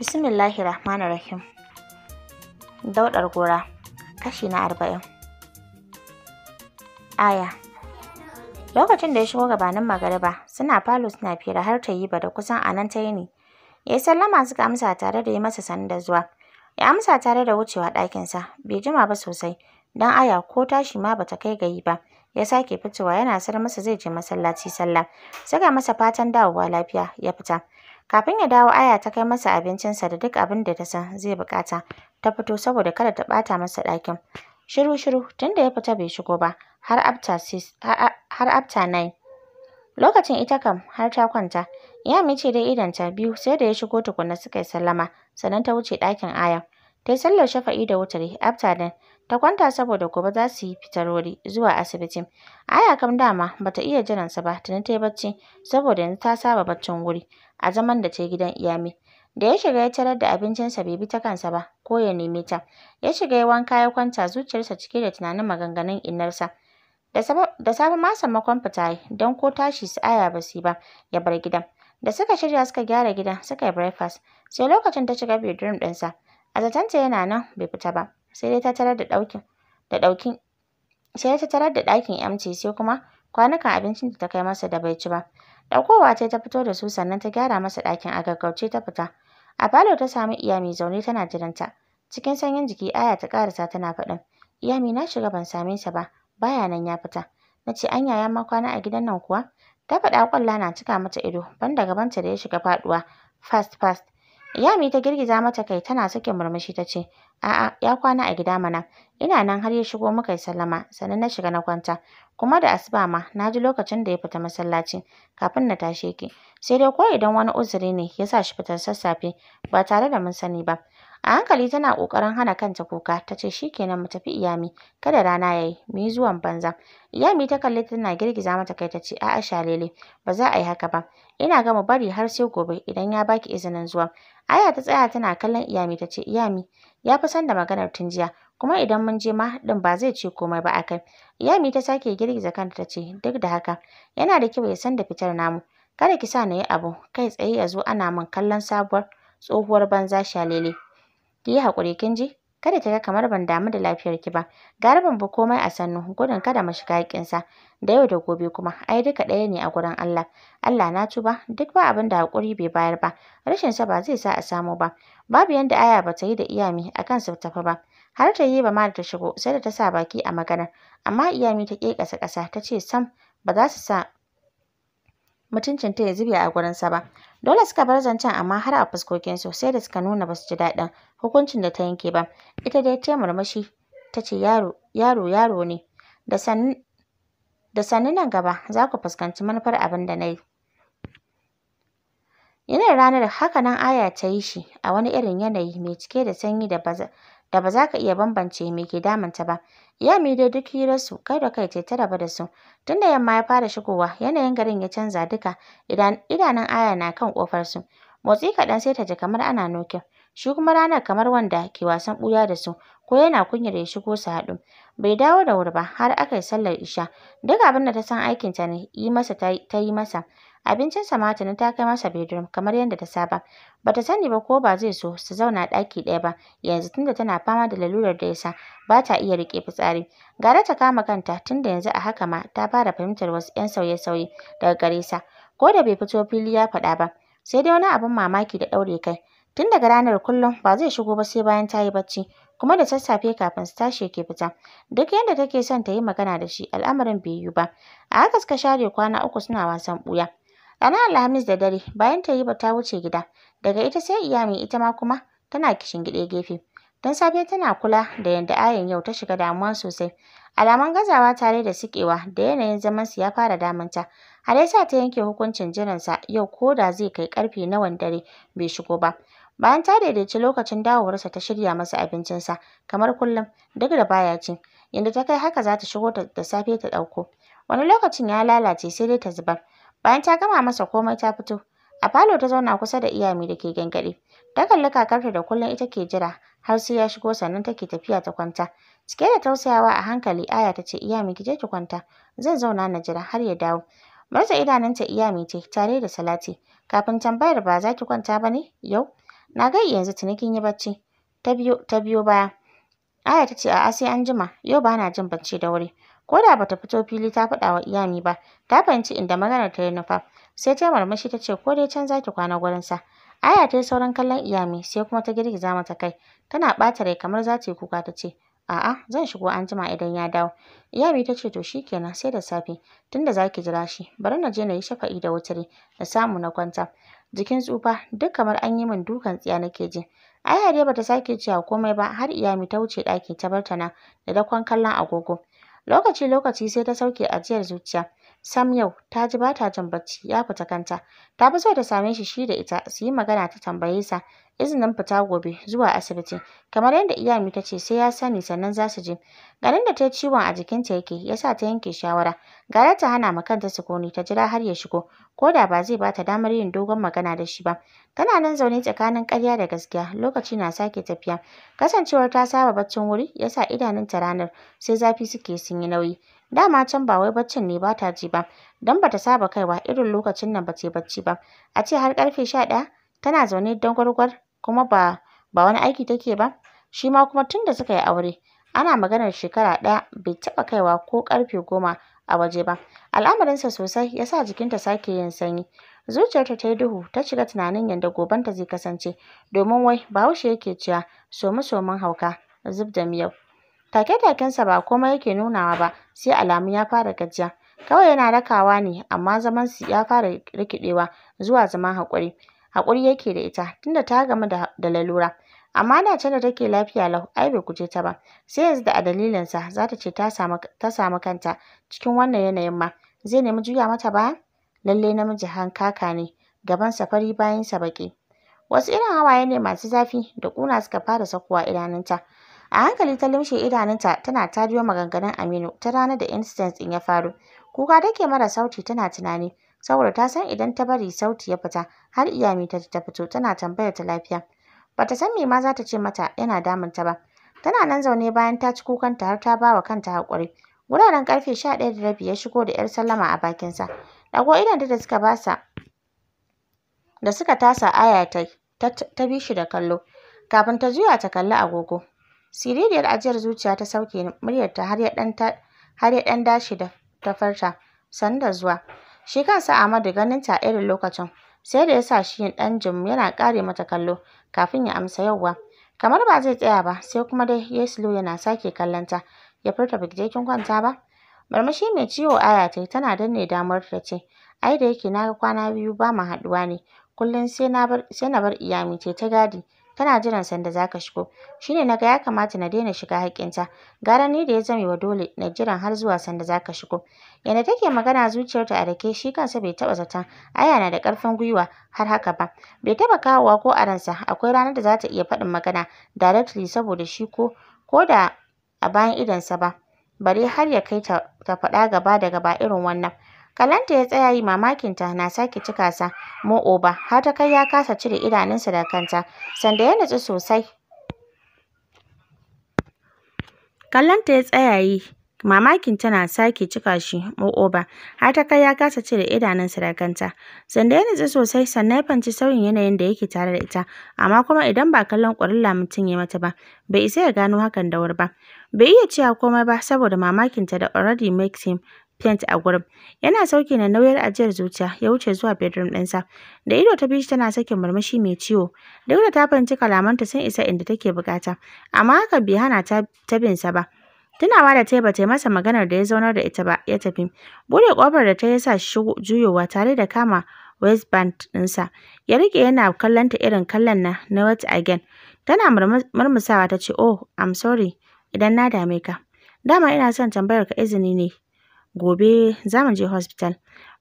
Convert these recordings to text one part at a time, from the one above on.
Bismillahir Rahmanir Rahim. Daudar gora kashi na arba'in. Aya. Lokacin da ya shigo gabanin magariba, suna falo suna fira har ta yi ba da kusan anan ta yi ne. Ya yi sallama suka amsa tare da yi masa sanin da zuwa. Ya amsa tare da wucewa ɗakinsa, bai jima ba sosai, don aya ko tashi ma bata kai ga yi ba. ya sake fitowa yana sar masa zai je masallaci sallah saka masa fatan dawowa lafiya ya fita Kafin ya dawo Aya ta kai masa abincinsa da duk abin da ta san zai bukata Ta fito saboda kada ta ɓata masa ɗakin. Shiru shiru tunda ya fita bai shigo ba har after six har after nine. Lokacin ita kam har ta kwanta. Yami ce dai idonta biyu sai da ya shigo tukunna suka yi sallama sannan ta wuce ɗakin Aya. Ta yi sallar shafa'i da wutar after nan ta kwanta saboda gobe za su yi fitarori zuwa asibiti. Aya kam dama bata iya jiransa ba tuni ta yi bacci saboda yanzu ta saba baccin wuri. a zaman da ta yi gidan iyami. Da ya shiga ya tarar da abincinsa bai bi ta kansa ba ko ya neme ta. Ya shiga ya wanka ya kwanta zuciyarsa cike da tunanin maganganun innarsa. Da safe ma sammakon fita yi don ko tashi su aya ba su ba ya bar gidan. Da suka shirya suka gyara gidan suka yi breakfast sai lokacin ta shiga bedroom ɗinsa. A ta yana nan bai fita ba sai dai ta tarar da ɗaukin da ɗaukin sai ta tarar da ɗakin empty sai kuma kwanukan abincin da ta kai masa da bai ci ba. Ɗaukowa ta ta fito da su sannan ta gyara masa ɗakin a gaggauce ta fita. A falo ta samu Iyami zaune tana jiranta. Cikin sanyin jiki Aya ta ƙarasa tana faɗin. Iyami na shiga ban same sa ba, baya nan ya fita. Na ce anya ma kwana a gidan nan kuwa? Ta faɗa ƙwalla na cika mata ido, ban da gabanta da ya shiga faɗuwa. Fast fast. Yami ta girgiza mata kai tana sakin murmushi ta ce, A'a, ya kwana a gida mana. Ina nan har ya shigo muka yi sallama, sannan na shiga na kwanta. Kuma da asuba ma, na ji lokacin da ya fita masallaci kafin na tashe ki. Sai dai ko idan wani uzuri ne ya sa shi fitar sassafe ba tare da mun sani ba. A hankali tana ƙoƙarin hana kanta kuka ta ce shi kenan mu tafi Iyami kada rana ya yi mu yi zuwan banza. Iyami ta kalli tana girgiza mata kai ta ce a'a shalele ba za a yi haka ba ina ga mu bari har sai gobe idan ya baki izinin zuwa. Aya ta tsaya tana kallon Iyami ta ce Iyami ya fi san da maganar tun jiya kuma idan mun je ma din ba zai ce komai ba a kai. Iyami ta sake girgiza kanta ta ce duk da haka yana da kyau ya san da fitar namu kada ki sa na yi abu kai tsaye ya zo ana min kallon sabuwar tsohuwar banza shalele. ki yi haƙuri kin ji kada ki ga kamar ban damu da lafiyar ki ba gara ba komai a sannu gudun kada mu shiga yakin sa. da yau da gobe kuma ai duka ɗaya ne a gurin Allah Allah na tuba duk ba abin da haƙuri bai bayar ba rashin sa ba zai sa a samu ba babu yanda aya ba ta yi da iyami akan su tafi ba har ta yi ba ma da ta shigo sai da ta sa baki a magana. amma iyami ta kekasa ƙasa ta ce sam ba za su sa mutuncin ta ya zube a gurinsa ba Dole suka bar zancen amma har a fuskokinsu sai da suka nuna ba su ji daɗin hukuncin da ta yanke ba. Ita dai ta murmushi ta ce yaro yaro yaro ne da sannu da nan gaba za ku fuskanci manufar abin da na yi. Yanayin ranar haka nan Aya ta yi shi a wani irin yanayi mai cike da sanyi da baza. da ba za ka iya bambance mai ke damunta ba. mai dai duk hirarsu kai da kai ce ta raba da su. Tun da yamma ya fara shigowa yanayin garin ya canza duka idanun Aya na kan ƙofarsu. Motsi kaɗan sai ta ji kamar ana nokin. Shi kuma ranar kamar wanda ke wasan ɓuya da su ko yana kunyar ya shigo su haɗu. Bai dawo da wuri ba har aka yi sallar isha. Duk abin da ta san aikinta ne yi masa ta yi masa. Abincin ma tuni ta kai masa bedroom kamar yadda ta saba. Bata sani ba ko ba zai so su zauna ɗaki ɗaya ba yanzu tunda tana fama da lalurar da yasa ba ta iya riƙe fitsari. Gara ta kama kanta tunda yanzu a haka ma ta fara fahimtar wasu 'yan sauye-sauye daga gare sa. Ko da bai fito fili ya faɗa ba, sai dai wani abin mamaki da ɗaure kai. Tun daga ranar kullum ba zai shigo ba sai bayan ta yi bacci, kuma da sassafe kafin su tashi yake fita. Duk yadda take son ta yi magana da shi al'amarin bai yiwu ba. A haka suka share kwana uku suna wasan ɓuya. Ranar Alhamis da dare bayan ta ba ta wuce gida, daga ita sai Iyami ita ma kuma tana kishingiɗe gefe. Don safe tana kula da yadda Ayan yau ta shiga damuwa sosai. Alaman gazawa tare da sikewa da yanayin zaman su ya fara damunta. Har yasa ta yanke hukuncin jiransa yau ko da zai kai na nawan dare bai shigo ba. Bayan ta daidaici lokacin dawowarsa ta shirya masa abincinsa kamar kullum duk da baya ci. Yadda ta kai haka za ta shigo da safe ta ɗauko. Wani lokacin ya lalace sai dai ta zubar. Bayan ta gama masa komai ta fito, a falo ta zauna kusa da iyami da ke gyangyaɗe. Ta kalli kakarta da kullum ita ke jira har sai ya shigo sannan take tafiya ta kwanta. Cike da tausayawa a hankali Aya ta ce iyami ki je ki kwanta, zan zauna na jira har ya dawo. Murza idanunta iyami ce tare da Salati. Kafin tambayar ba za ki kwanta ba ne yau? Na ga yanzu tuni kin yi bacci. Ta biyo ta biyo baya. Aya ta ce a'a sai an jima, yau ba na jin bacci da wuri. Ko da bata fito fili ta faɗa wa Iyami ba, ta fahimci inda maganar ta yi nufa. Sai ta marmashi ta ce ko dai can za ki kwana sa Aya ta yi sauran kallon Iyami sai kuma ta girgiza mata kai. Tana ɓata rai kamar za ta yi kuka ta ce, A'a, zan shigo an jima idan ya dawo. Iyami ta ce to kenan sai da safe, tunda za ki jira shi, bari na je na yi shafa'i da wuturi, na samu na kwanta. Jikin tsufa duk kamar an yi min dukan tsiya nake ji. Aya dai bata sake cewa komai ba har Iyami ta wuce ɗaki ta bar ta nan da dakon kallon agogo. lokaci lokaci sai ta sauke ajiyar zuciya Sam yau ta ji bata jin bacci ya fita kanta. Ta fi so ta same shi shi da ita su yi magana ta tambaye sa izinin fita gobe zuwa asibiti. Kamar yadda Iyami ta ce sai ya sani sannan za su je. Ganin da ta yi ciwon a jikinta yake ya sa ta yanke shawara. Gara ta hana ma kanta sukuni ta jira har ya shigo ko da ba zai ba ta damar yin dogon magana da shi ba. Tana nan zaune tsakanin ƙarya da gaskiya lokaci na sake tafiya. Kasancewar ta saba baccin wuri ya sa idanunta ranar sai zafi suke sun yi nauyi. Dama can ba wai baccin ne bata ji ba, don bata saba kaiwa irin lokacin nan bace bacci ba. A ce har karfe sha ɗaya tana zaune gwargwar kuma ba wani aiki take ba. Shi ma kuma tun da suka yi aure ana maganar shekara ɗaya bai taɓa kaiwa ko karfe goma a waje ba. Al'amarinsa sosai ya sa jikinta sake yin sanyi. Zuciyarta ta yi duhu ta shiga tunanin yadda gobenta zai kasance domin wai Bahaushe yake ciya somi-somin hauka zub da miyau. Take-takensa ba komai yake nunawa ba sai alamu ya fara gajiya. Kawai yana rakawa ne amma zamansu ya fara rikiɗewa zuwa zaman haƙuri. Haƙuri yake da ita tunda ta gamu da lalura. Amma da can da take lafiya lau ai bai guje ta ba. Sai yanzu da a dalilinsa za ta ce ta samu kanta cikin wannan yanayin ma zai nemi juya mata baya? Lallai namiji hankaka ne, gabansa fari bayansa baƙi. Wasu irin hawaye ne masu zafi da ƙuna suka fara saukowa idanunta. a hankali ta lumshe idanunta tana tariyo maganganun aminu ta ranar da incident ɗin ya faru kuka take mara sauti tana tunani saboda ta san idan ta bari sauti ya fita har iyami ta ta fito tana tambayar ta lafiya bata san me ma za ta ce mata yana damun ta ba tana nan zaune bayan ta ci kukanta har ta bawa kanta haƙuri wuraren ƙarfe sha ɗaya da rabi ya shigo da 'yar sallama a bakinsa ɗago idan da suka basa da suka tasa aya ta ta bi shi da kallo kafin ta juya ta kalli agogo Siririyar ajiyar zuciya ta sauke muryarta har ya ɗan har dace da ta farta. Sanda zuwa. Shi kansa Ahmadu ganin ta irin lokacin sai da yasa shi yin ɗan jim yana kare mata kallo kafin ya amsa yauwa. Kamar ba zai tsaya ba sai kuma dai ya slow yana sake kallon ta ya furta bai je kin kwanta ba. Murmushi mai ciwo aya ta tana danne damar ta ce ai da yake na kwana biyu ba mu haɗuwa ne kullum sai na bar iyami ce ta gadi. Kana jiran sanda zaka shigo. Shi ne na ga ya kamata na daina shiga haƙƙinta. Gara ni da ya zame wa dole na jiran har zuwa sanda zaka shigo. Yana take magana zuciyarta a rake shi kansa bai taɓa zaton Aya na da ƙarfin gwiwa har haka ba. Bai taɓa kawowa ko a ransa akwai ranar da za ta iya faɗin magana directly saboda shi ko koda da a bayan idonsa ba. Bare har ya kaita ta faɗa gaba da gaba irin wannan. Kalanta ya tsaya yi mamakin ta na sake cika sa oba har ta kai ya kasa cire idanunsa da kanta sanda ya nutsu sosai. Kallonta ya tsaya yi mamakin ta na sake cika shi oba har ta kai ya kasa cire idanunsa da kanta sanda ya nutsu sosai sannan ya fanci sauyin yanayin da yake tare da ita amma kuma idan ba kallon ƙwarilla mutum ya mata ba bai isa ya gano hakan da wuri ba bai iya cewa komai ba saboda mamakin ta da already makes him paint a gurin. Yana sauke na nauyar ajiyar zuciya ya wuce zuwa bedroom ɗinsa. Da ido ta bi shi tana sakin murmushi mai ciwo. Dauda ta fahimci kalamanta sun isa inda take bukata, amma haka bai hana ta tabinsa ba. Tunawa da tai bata yi masa maganar da ya zaunar da ita ba, ya tafi. Bude kofar da ta yi sa shi juyowa tare da kama waistband ɗinsa. Ya rike yana kallon ta irin kallon na na what again. Tana murmusawa ta ce, "Oh, I'm sorry idan na dame ka. Dama ina son tambayar ka izini ne Gobe za mu je hospital.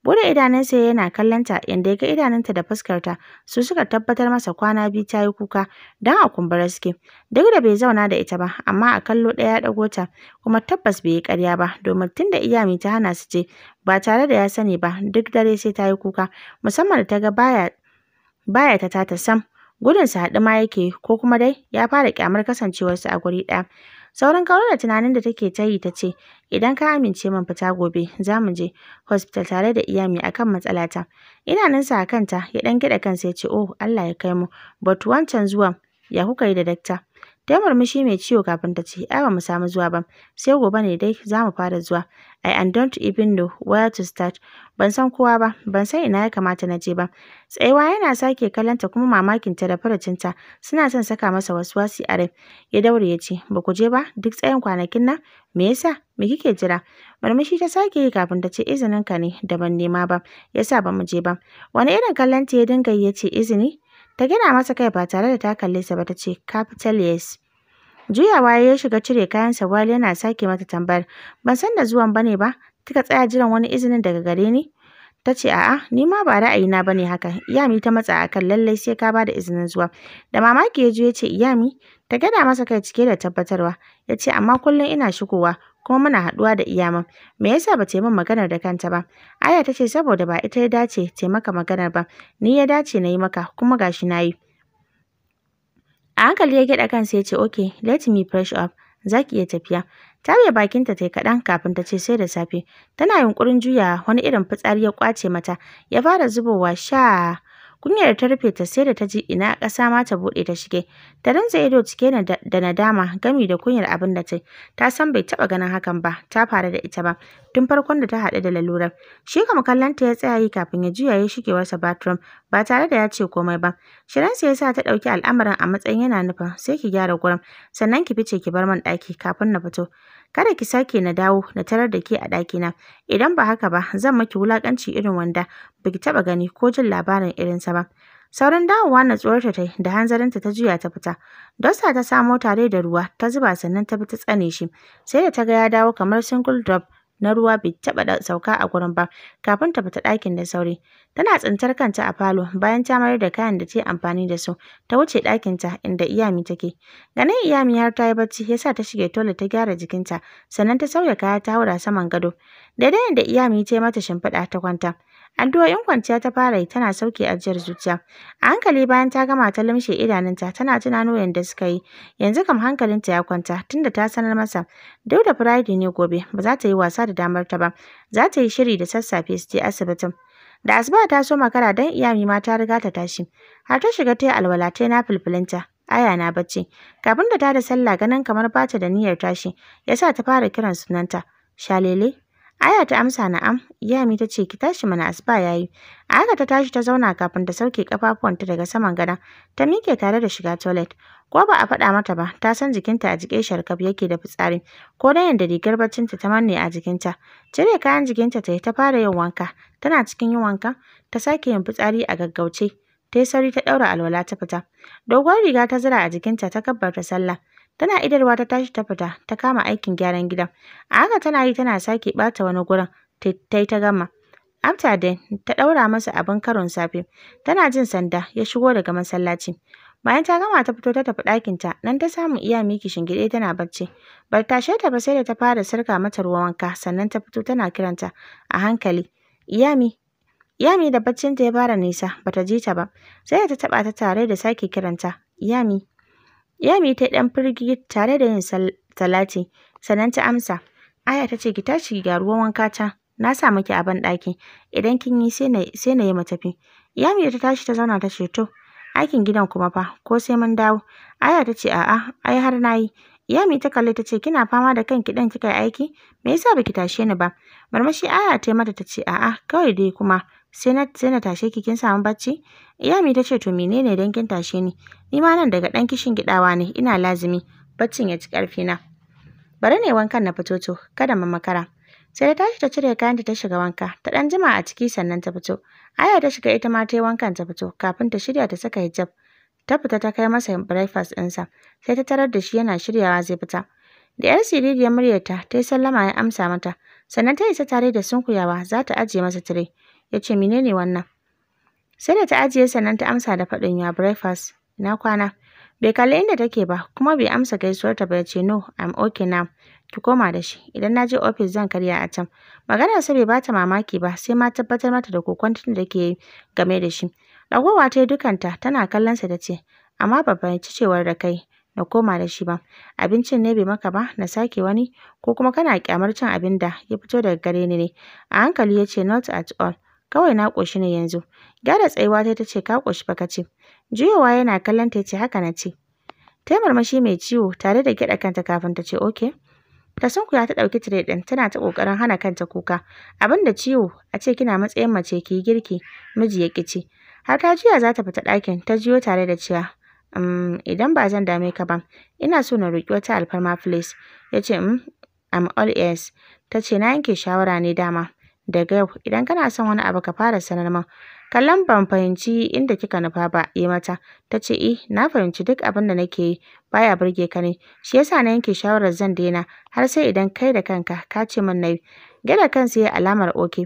Bude idanunsa yana kallonta yanda ya ga idanunta da fuskarta su suka tabbatar masa kwana biyu ta yi kuka don a kumbura suke. Duk da bai zauna da ita ba amma a kallo ɗaya ya ta kuma tabbas bai yi ƙarya ba domin tun da iyami ta hana su je ba tare da ya sani ba duk dare sai ta yi kuka musamman da ta ga baya baya ta ta sam. Gudun sa haɗu ma yake ko kuma dai ya fara ƙyamar kasancewarsa a guri ɗaya. Sauran kawar da tunanin da take ta yi ta ce, Idan ka amince man fita gobe, za mu je hospital tare da iyami a kan matsalata. Idanunsa a kanta ya ɗan gida kansa ya ce, Oh, Allah ya kai mu, but wancan zuwan ya kuka yi da dakta? Ta murmushi mai ciwo kafin ta ce, "Ai ba mu samu zuwa ba, sai gobe ne dai za mu fara zuwa. I don't even know where to start. Ban san kowa ba, ban san ina ya kamata na je ba." Tsayuwa yana sake kallonta kuma mamakin ta da faracinta suna son saka masa waswasi a rai. Ya daure ya ce, "Ba ku je ba duk tsayin kwanakin nan? Me yasa? Me kike jira?" Murmushi ta sake yi kafin ta ce, izinin ka ne da ban nema ba, yasa ba mu je ba." Wani irin kallonta ya dinga yi ya ce, "Izini?" Ta gina masa kai ba tare da ta kalle sa ba ta ce, Capital yes. Juyawa ya shiga cire kayan sa Wali yana sake mata tambayar, ban san da zuwan bane ba, kika tsaya jiran wani izinin daga gare ni? Ta ce, a'a, ni ma ba ra'ayina bane haka. Iyami ta matsa akan lallai sai ka bada izinin zuwa. Da mamaki ya je ya ce, Iyami, ta gada masa kai cike da tabbatarwa. Ya ce, amma kullum ina shigowa, kuma muna haɗuwa da iyama. Me yasa ba ta yi min maganar da kanta ba? Aya ta ce saboda ba ita ya dace ta maka maganar ba. Ni ya dace na yi maka kuma gashi na yi. A hankali ya gyaɗa kansa ya ce okay let me fresh up. Za ki iya tafiya. Ta bakin bakinta ta yi kaɗan kafin ta ce sai da safe. Tana yunƙurin juya wani irin fitsari ya ƙwace mata. Ya fara zubowa sha Kunyar ta rufe ta sai da ta ji ina ƙasa ma ta buɗe ta shige. Ta rinza ido cike da nadama gami da kunyar abin da ta Ta san bai taɓa ganin hakan ba, ta faru da ita ba. tun farkon da ta haɗu da lalurar. Shi kama kallonta ya tsaya yi kafin ya juya ya shigewarsa bathroom ba tare da ya ce komai ba. Shirinsa ya sa ta ɗauki al'amarin a matsayin yana nufa, sai ki gyara gurin sannan ki fice ki bar man ɗaki kafin na fito. Kada ki sake na dawo na tarar da ke a ɗakina. Idan ba haka ba zan maki wulaƙanci irin wanda ba ki taɓa gani ko jin labarin irinsa ba. Sauran dawowa natsuwarta ta da hanzarinta ta juya ta fita. Dosta ta samo tare da ruwa ta zuba sannan ta bi ta tsane shi. Sai da ta ga ya dawo kamar single drop na ruwa bai taɓa sauka a gurin ba kafin ta fita ɗakin da sauri. Tana tsintar kanta a falo bayan ta mayar da kayan da ta yi amfani da su ta wuce ɗakinta inda Iyami take. Ganin Iyami har ta yi bacci ya sa ta shige tole ta gyara jikinta sannan ta sauya kaya ta haura saman gado. Daidai yadda Iyami ta yi mata shimfiɗa ta kwanta. Addu'o'in kwanciya ta fara yi tana sauke ajiyar zuciya. A hankali bayan ta gama ta lumshe idanunta tana tunano yadda suka yi. Yanzu kam hankalinta ya kwanta tunda ta sanar masa. Duk da Friday ne gobe ba za ta yi wasa da damar ta ba. Za ta yi shiri da sassafe su je asibitin. Da asuba ta so makara don Iyami ma ta riga ta tashi. Har ta shiga ta yi alwala ta na filfilinta. Aya na bacci. Kafin da ta da sallah ganin kamar bata da niyyar tashi, ya sa ta fara kiran sunanta. Shalele, Aya ta amsa na'am, Yami ta ce ki tashi mana asuba yayi. Aya ta tashi ta zauna kafin ta sauke kafafuwanta daga saman gadon, ta mike tare da shiga toilet. Ko ba a faɗa mata ba, ta san jikinta a jike sharkaf yake da fitsari, ko da yanda rigar baccinta ta manne a jikinta. Cire kayan jikinta ta yi ta fara yin wanka, tana cikin yin wanka? ta sake yin fitsari a gaggauce. Ta yi sauri ta ɗaura alwala ta fita. Doguwar riga ta zura a jikinta ta kabbarta sallah. Tana idarwa ta tashi ta fita, ta kama aikin gyaran gidan. A haka tana yi tana sake bata wani gurin, ta yi ta gama. After then, ta ɗaura masa abin karon safe. Tana jin sanda, ya shigo daga masallaci. Bayan ta gama ta fito ta tafi ta nan ta samu iya miki shingiɗe tana bacci. bar ta tashe ta ba sai da ta fara sirka mata ruwan wanka, sannan ta fito tana kiranta a hankali. Iyami, Iyami da ta ya fara nisa, bata ji ta ba. Sai da ta taba ta tare da sake kiranta. Iyami, Yami ta ɗan firgi tare da yin salati, sannan ta amsa. Aya ta ce, ki tashi ga ruwan wanka ta, na sa miki a banɗaki, idan kin yi sai na yi matafi. Yami ta tashi ta zauna ta ce, to, aikin gidan kuma fa, ko sai mun dawo. Aya ta ce, a'a, ai har na yi. Yami ta kalli ta ce, kina fama da kanki ɗan kika yi aiki? Me yasa baki tashe ni ba? Marmashi Aya ta mata ta ce, a'a, kawai dai kuma. sai na sai na tashe ki kin samu bacci iyami ta ce to menene dan kin tashe ni ni ma nan daga dan kishin gidawa ne ina lazimi baccin ya ci karfi na bari ne wankan na fito to kada mu makara sai ta tashi ta cire kayan ta shiga wanka ta dan jima a ciki sannan ta fito aya ta shiga ita ma ta yi wankan ta fito kafin ta shirya ta saka hijab ta fita ta kai masa breakfast ɗinsa sai ta tarar da shi yana shiryawa zai fita da yar siririyar muryarta ta yi sallama ya amsa mata sannan ta isa tare da sunkuyawa za ta ajiye masa tire yace ce ne wannan? Sai da ta ajiye sannan ta amsa da faɗin ya breakfast, na kwana. Bai kalli inda take ba kuma bai amsa ta ba yace ce no, I'm okay now. Ki koma da shi, idan na je ofis zan karya a can. sai bai bata mamaki ba sai ma tabbatar mata da tun da ke game da shi. Ragowa ta yi dukanta tana sa da ce, amma ba fahimci cewar da kai na koma da shi ba. Abincin ne bai maka ba na sake wani ko kuma kana kyamar cin abin da ya fito daga gare ni ne. A hankali yace not at all. Kawai na ƙoshi ne yanzu. Gyara tsayuwa ta ce, Ka ƙoshi fa ka Juyowa yana kallon ta ya ce, Haka na ce. Ta yi mai ciwo tare da gyaɗa kanta kafin ta ce, Ok. Ta sunkuya ta ɗauki tire ɗin tana ta kokarin hana kanta kuka. Abin da ciwo a ce kina matsayin mace ki girki miji ya ƙi Har ta jiya za ta fita ɗakin ta jiyo tare da cewa Um, idan ba zan dame ka ba, ina so na roƙi wata alfarma please. Ya ce, um, I'm all ears. Ta ce, na yanke shawara ne dama. Daga yau, idan kana son wani abu ka fara sanar min. Kallon ban fahimci inda kika nufa ba yi mata. Ta ce eh na fahimci duk abin da nake yi baya burge ka ne. Shi yasa na yanke shawarar zan daina har sai idan kai da kanka ka ce min nayi. Gyara kansa yayi alamar okay.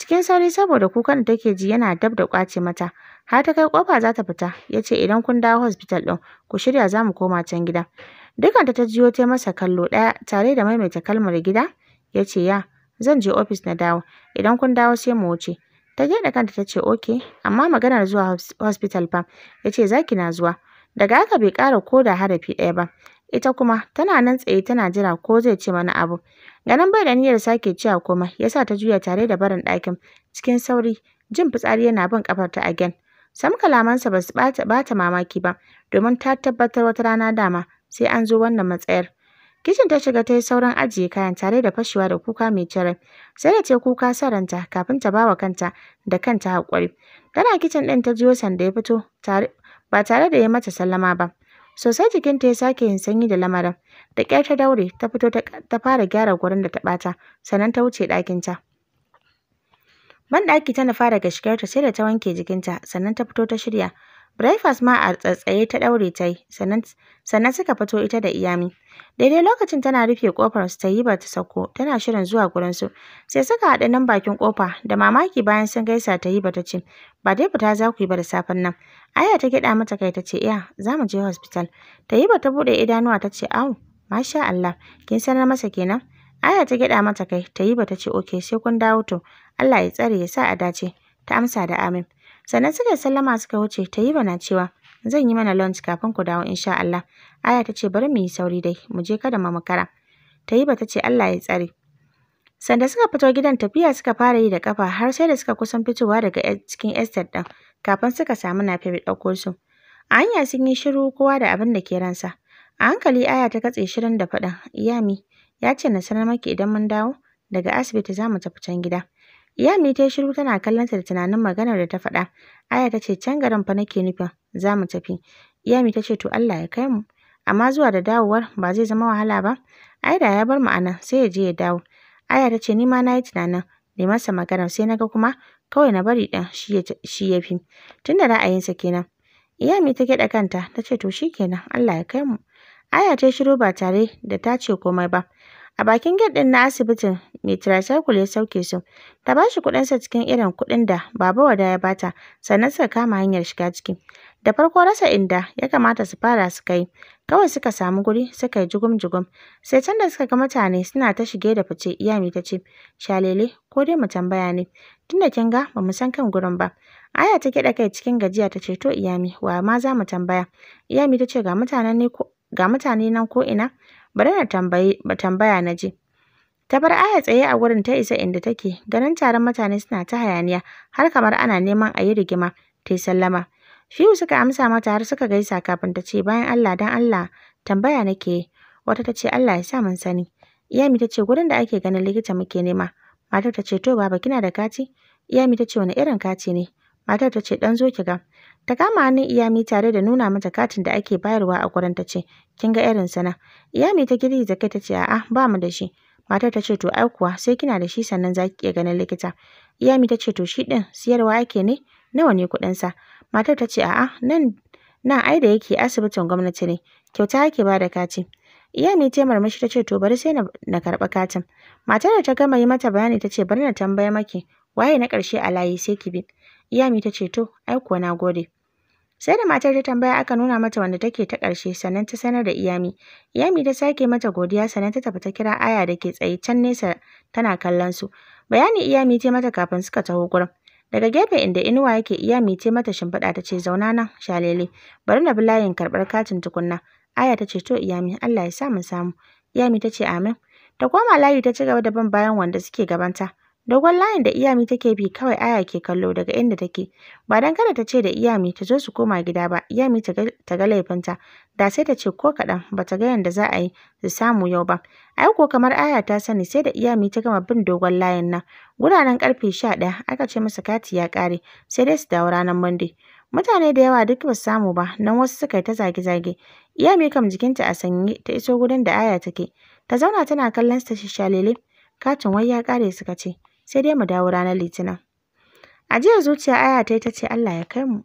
Cikin sauri saboda kukan da take ji yana dab da kwace mata. Har ta kai kofa za ta fita ya ce idan kun dawo hospital ɗin ku shirya za mu koma can gida. Dukanta ta jiyo ta masa kallo ɗaya tare da maimaita kalmar gida ya ce ya Zan je ofis na dawo. Idan kun dawo sai mu wuce. Ta da kanta ta ce okay, amma maganar zuwa hospital fa. Ya ce za na zuwa. Daga haka bai ƙara ko da harafi ɗaya ba. Ita kuma tana nan tsaye tana jira ko zai ce mana abu. Ganin bai da niyyar sake cewa koma ya sa ta juya tare da barin ɗakin cikin sauri. Jin fitsari yana bin ƙafarta again. Sam kalamansa ba su ɓata mamaki ba, domin ta tabbatar wata rana dama sai an zo wannan matsayar. Kicin ta shiga ta yi sauran ajiye kayan tare da fashewa da kuka mai cire. Sai da ta kuka saranta kafin ta bawa kanta da kanta haƙuri. Tana kicin ɗin ta jiyo sanda ya fito ba tare da ya mata sallama ba. Sosai jikinta ya sake yin sanyi da lamarin. Da ƙyar ta daure ta fito ta fara gyara gurin da ta ɓata sannan ta wuce ɗakinta. Banɗaki ta fara daga sai da ta wanke jikinta sannan ta fito ta shirya. Breakfast ma a tsatsaye ta ɗaure ta yi, sannan suka fito ita da Iyami. Daidai lokacin tana rufe ƙofar su ta yi ba ta sauko, tana shirin zuwa gurin su Sai suka haɗa nan bakin ƙofa, da mamaki bayan sun gaisa ta yi ba ta ce, ba dai fita za ku yi ba da safen nan. Aya ta gyaɗa mata kai ta ce, iya, za mu je hospital. Ta yi ba ta buɗe idanuwa ta ce, au, masha Allah, kin sanar masa kenan? Aya ta gyaɗa mata kai, ta yi ba ta ce, okay, sai kun dawo to, Allah ya tsare ya sa a dace. Ta amsa da amin. Sannan suka yi sallama suka wuce ta yi bana cewa zan yi mana lunch kafin ku dawo insha Allah. Aya ta ce bari mu yi sauri dai mu je kada mu makara. Ta yi ta ce Allah ya tsare. Sanda suka fito gidan tafiya suka fara yi da kafa har sai da suka kusan fitowa daga cikin estate ɗin kafin suka samu na mai ɗauko su. A hanya sun yi shiru kowa da abin da ke ransa. A hankali Aya ta katse shirin da faɗin Iyami ya ce na sanar maki idan mun dawo daga asibiti za mu tafi can gida. Iyami ta shiru tana kallonta da tunanin maganar da ta faɗa. Aya ta ce can garin fa nake nufin za mu tafi. Iyami ta ce to Allah ya kai mu. Amma zuwa da dawowar ba zai zama wahala ba. Aida ya bar mu anan sai ya je ya dawo. Aya ta ce ni ma na yi tunanin ne masa maganar sai na ga kuma kawai na bari ɗin shi ya fi. Tunda ra'ayinsa kenan. Iyami ta gyaɗa kanta ta ce to shi kenan Allah ya kai mu. Aya ta shiru ba tare da ta ce komai ba. A bakin gate ɗin na asibitin, mai tiracycle ya sauke su. Ta bashi shi kuɗinsa cikin irin kuɗin da Baba Wada ya bata, sannan suka kama hanyar shiga ciki. Da farko rasa inda ya kamata su fara suka yi, kawai suka samu guri suka yi jugum-jugum. Sai can da suka ga mutane suna ta shige da fice, Iyami ta ce, Shalele, ko dai mu tambaya ne, tunda kin ga ba mu san kan gurin ba. Aya ta kiɗa kai cikin gajiya ta ce, to Iyami, wa ma za mu tambaya? Iyami ta ce, ga mutane nan ko ina bari na tambayi tambaya na je. Ta bar Aya tsaye a gurin ta isa inda take, ganin taron mutane suna ta hayaniya har kamar ana neman a rigima, ta yi sallama. Fiyu suka amsa mata har suka gaisa kafin ta ce bayan Allah dan Allah tambaya nake Wata ta ce Allah ya sa mun sani. Iyami ta ce gurin da ake ganin likita muke nema. Matar ta ce to baba kina da kati? Iyami ta ce wani irin kati ne? Matar ta ce dan zo ki ga. Ta kama hannun Iyami tare da nuna mata katin da ake bayarwa a gurin ta ce, "Kin ga irin sa Iyami ta girgiza kai ta ce, "A'a, ba mu da shi." Matar ta ce, "To ai kuwa, sai kina da shi sannan za ki iya ganin likita." Iyami ta ce, "To shi din siyarwa yake ne? Nawa ne kuɗin sa?" Matar ta ce, "A'a, nan nan ai da yake asibitin gwamnati ne. Kyauta ake ba da kati." Iyami ta marmashi ta ce, "To bari sai na, na katin." Matar da ta gama yi mata bayani ta ce, "Bari na tambaye maki, waye na ƙarshe a layi sai ki bi." Iyami ta ce to, ai kuwa na gode. Sai da matar ta tambaya aka nuna mata wanda take ta ƙarshe sannan ta sanar da Iyami. Iyami ta sake mata godiya sannan ta tafi ta kira Aya da ke tsaye can nesa tana kallon su. Bayani Iyami ta mata kafin suka taho gurin. Daga gefe inda inuwa yake Iyami ta mata shimfiɗa ta ce zauna nan shalele bari na bi layin karɓar katin tukunna. Aya ta ce to Iyami Allah ya sa mu samu. Iyami ta ce amin. Ta koma layi ta ci gaba da bin bayan wanda suke gabanta. Dogon layin da Iyami take bi kawai Aya ke kallo daga inda take, ba dan kada ta ce da Iyami ta zo su koma gida ba, Iyami ta ga laifinta, da sai ta ce ko kaɗan ba ta ga yanda za a yi su samu yau ba. Ai ko kamar Aya ta sani sai da Iyami ta gama bin dogon layin nan. Guraren karfe sha ɗaya aka ce masa kati ya kare, sai dai su dawo ranar Monday. Mutane da yawa duk ba su samu ba, nan wasu suka yi ta zage-zage. Iyami kam jikinta a sanye ta iso gurin da Aya take. Ta zauna tana kallon sa shishalele, katin wai ya kare suka ce. sai dai mu dawo ranar Litinin. A jiya zuciya Aya ta ce Allah ya kai mu.